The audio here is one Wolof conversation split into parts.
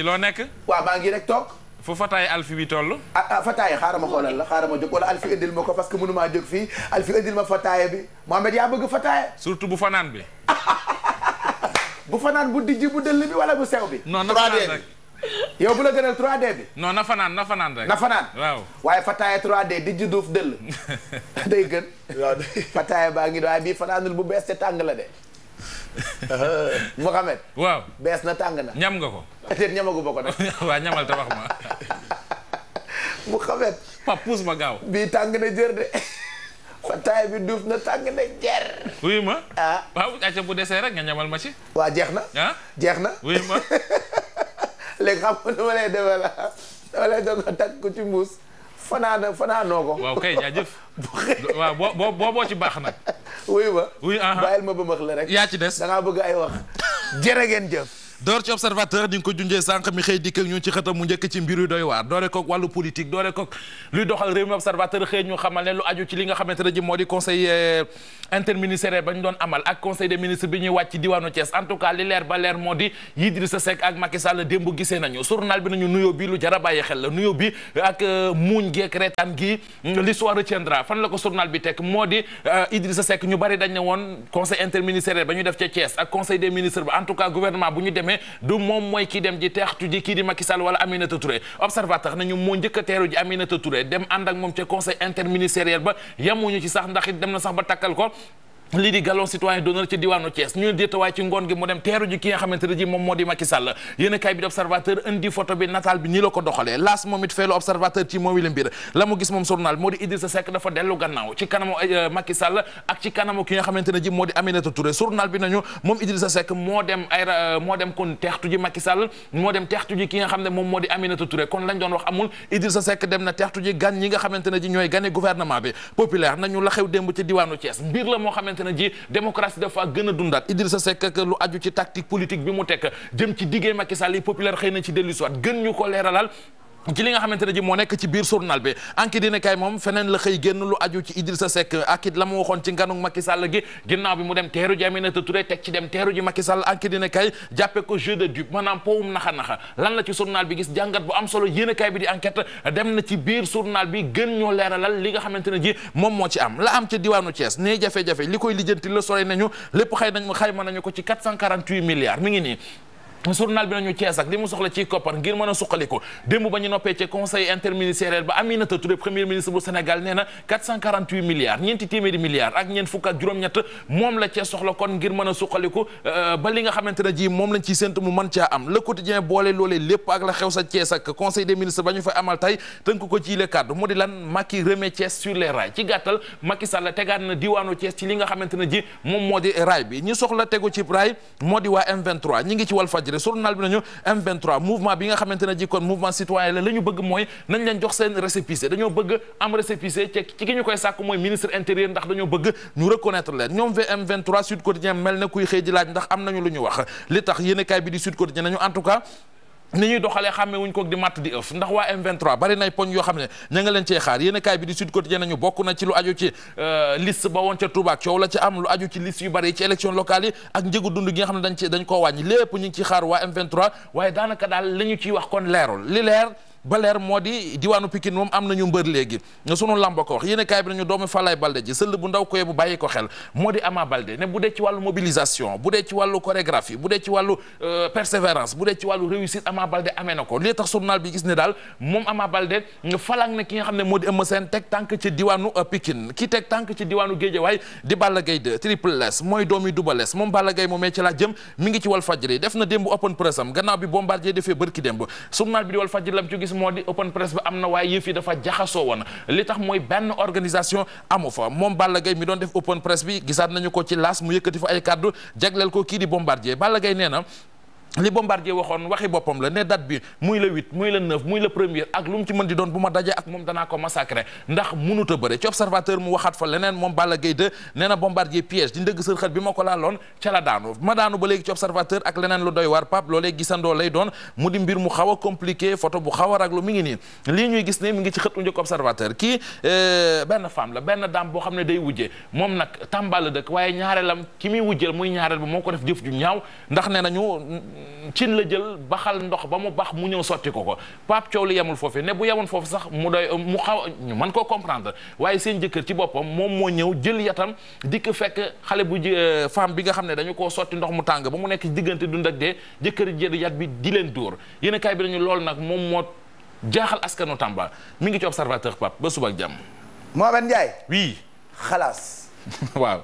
ci loo nekk. waaw baa ngi rek toog. fu fataay alfi bi toll. ah ah fataay xaaral ma xoolal la xaaral ma jóg wala alfi indil ma ko parce que mënu maa jóg fii alfi indil ma fataay bi Mohamed yaa bëgg fataay. surtout bu fanaan bi. bu fanaan bu dijji bu dëll bi wala bu sew bi. noon na fanaan yow bu la gënal 3D bi. na fanaan na fanaan rek. na fanaan waaw. waaye fataay 3D dijji duuf dëll. day gën. waaw fataay baa ngi waaye bii fanaanul bu bees te tàng la de. Mohamed. waaw bees na tàng na. ñam nga ko. déet ñamagu ma ko nag. waaw ñamal te wax ma. Mohamed. pa puus ma gaaw. bii tàng na jër de. fataay bi duuf na tàng na jër. wuyu ma. ah waaw ayca bu desee rek nga ñamal ma ci. waa jeex na. ah jeex na. wuyu ma. léegi xam nga nu ma lay demee la dama lay doon nga tàgg ko ci mbuus. fanaana fanaanoo ko. waaw kay jaajëf. waaw boo boo boo ci baax nag. wuyu ma. wuyu ah bàyyil ma ba max la rek. yaa ci des da ngaa bëgg ay wax jërë ngeen jëf. door ci observateur di nga ko junjee sànq mi xëy dikk ak ci xëtam mu njëkk ci mbir yu doy waar doore wàllu politique doore luy doxal réew mi observateur xëy ñu xamal ne lu aju ci li nga xamante ne ji moo eh, ba ñu doon amal ak conseil des ministres bi ñuy wàcc diwaanu Thiès en li leer ba leer moo di Idrissa Seck ak Macky Sall démb gisee nañu journal bi nañu nuyoo bi lu jara xel la nuyoo bi ak euh, muuñ geek reetaan gi mm, l'histoire retiendra fan du moom mooy ki dem ji teextu ji kii di Macky Sall wala Aminata Touré observateur nañu moo njëkk a teeru ji Aminata Touré dem ànd ak moom ca conseil interministériel ba yemuñu ci sax ndax it dem na sax ba takkal ko lii di gallon citoyen d'honneur ci diwaanu Thiès ñu ne déetawaay ci ngoon gi mu dem teeru ji ki nga xamante ne ji moom moo di Macky Sall yéen moo di euh, ki nga xamante ne ji moom moo dem ay euh, moo dem kon teextu ji nga xam ne moom moo di lañ doon wax amul Idrissa Seck dem na teextu ji gan ñi nga xamante ji ñooy gane gouvernement bi populaire nañu la xew démb ci diwaanu Thiès mbir la moo xamante xamante ne ji démocratie dafa gën a dundaat Idrissa Seck ak lu aju ci tactique politique bi mu tekk jëm ci diggee Macky populaire xëy na ci dellu si waat gën ñu ko leeralal ci li nga xamante ne ji moo nekk ci biir journal bi enquête dina kay moom feneen la xëy génn lu aju ci Idrissa sa ak it la mu waxoon ci nganu Macky Sall gi ginnaaw bi mu dem teeru ji Aminata Touré teg ci dem jàppe ko jeu de dupe maanaam powum naxa naxa lan la ci journal bi gis jàngat bu am solo yéen kay bi di enquête dem na ci biir journal bi gën ñoo leeralal li nga xamante ne ji moom moo ci am la am ca diwaanu Thiès ne jafe-jafe li koy lijjanti la sore nañu lépp xëy nañ xayma nañu ko ci 448 milliards mi ngi nii journal bi nañu Thiès ak li mu soxla ci koppar ngir mën a suqaliku démb ba ñu noppee ci conseil interministériel ba Aminata Touré premier ministre bu Sénégal nee milliards ñeenti téeméeri milliards ak ñeent fukk ak juróom-ñett moom la cee soxla kon ngir mën a suqaliku euh, ba li nga xamante na ji moom moo di rail bi ñu soxla tegu ci rail moo di waa M23 ñi ngi ci Walf Fadjri ci def journal bi nañu M23 mouvement bi nga xamante ne ji kon mouvement citoyen la la ñu bëgg mooy nañ leen jox seen récépissé dañoo bëgg am récépissé ci koy sàkk mooy ministre intérieur ndax dañoo bëgg ñu reconnaître leen ñoom VM23 Sud Quotidien mel na kuy xëy di laaj ndax am nañu lu wax li tax yéenekaay bi di Sud Quotidien nañu en tout cas ni ñuy doxale xàmme wuñ ko di matt di ëf ndax waa M23 bari nay poñ yoo xam ne ña nga leen cee xaar yéen a kaay bi di Sud Quotidien nañu bokk na ci lu aju ci euh, liste ba woon ca Touba coow la ci am lu aju ci liste yu bari ci élection locale yi ak njëgu dund gi nga xam ne dañ ci dañ koo wàññi lépp ñu ngi ci xaar waa M23 waaye daanaka daal la ñu ciy wax kon leerul li leer ba leer moo di diwaanu Pikine moom am nañu mbër léegi sunu lamba ko wax yéen a kaay bi nañu doomu Falaay Balde ji sëll bu ndaw koye bu bàyyi ko xel moo di Ama Balde ne bu dee ci wàllu mobilisation bu dee ci wàllu chorégraphie bu dee ci wàllu euh, persévérance bu dee ci wàllu réussite Ama Balde amee na ko li tax bi gis ne daal moom Ama Balde falang na ki nga xam ne moo di Eumeu Sène teg tànk ci diwaanu euh, Pikine ki teg tànk ci diwaanu Guédiawaye di Balla Gaye 2 gis moo di open press ba am na waaye yëf yi dafa jaxasoo woon li tax mooy benn organisation amu fa moom Balla Gaye mi doon def open press bi gisaat nañu ko ci laas mu yëkkati fa ay kàddu jagleel ko kii di bombardier Balla gay nee na li Bombardier waxoon waxi boppam la ne date bi muy le huit muy le neuf muy le premier ak lu mu ci mën di doon bu ma dajee ak moom danaa ko massacrer ndax mënut a bëre ci observateur mu waxaat fa leneen moom Balla gay 2 nee na Bombardier piège di ndëgg sër xët bi ma ko laaloon ca la daanu ma daanu ba léegi ci observateur ak leneen lu doy waar Pape loolee gisandoo lay doon mu di mbir mu xaw a compliqué photo bu xaw a raglu mi ngi nii lii ñuy gis ne mi ngi ci xët u njëkk euh, benn femme la benn dame boo xam ne day wujje moom nag Tamba la dëkk waaye ñaareelam ki muy wujjeel muy ñaareel ba moo ko def jëf ju ñaaw ndax nee nañu cin la jël baxal ndox ba mu bax mu ñëw sotti ko ko Pape Thiaw lu yemul foofu ne bu yemoon foofu sax mu doy mu xaw ñu mën koo comprendre waaye seen jëkkër ci boppam moom moo ñëw jël yatam dikk fekk xale bu euh, femme bi nga xam ne dañu koo sotti ndox mu tàng ba mu nekk diggante dund ak dee jëkkër jël yat bi di leen dóor yéen kaay bi dañu loolu nag moom moo jaaxal askanu Tamba mi ngi ci observateur Pape ba suba ak jàmm. Mohamed Ndiaye. oui. xalaas. waaw.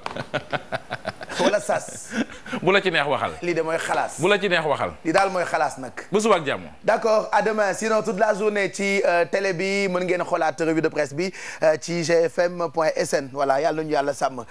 wala sas. bu la ci neex waxal. lii de mooy xalaas. bu la ci neex waxal. lii daal mooy xalaas nag. ba suba ak jàmm. d' accord à demain sinon toute la journée ci euh, télé bi mën ngeen xoolaat revue de presse bi euh, ci gfm point sn voilà yàlla nañu yàlla sàmm.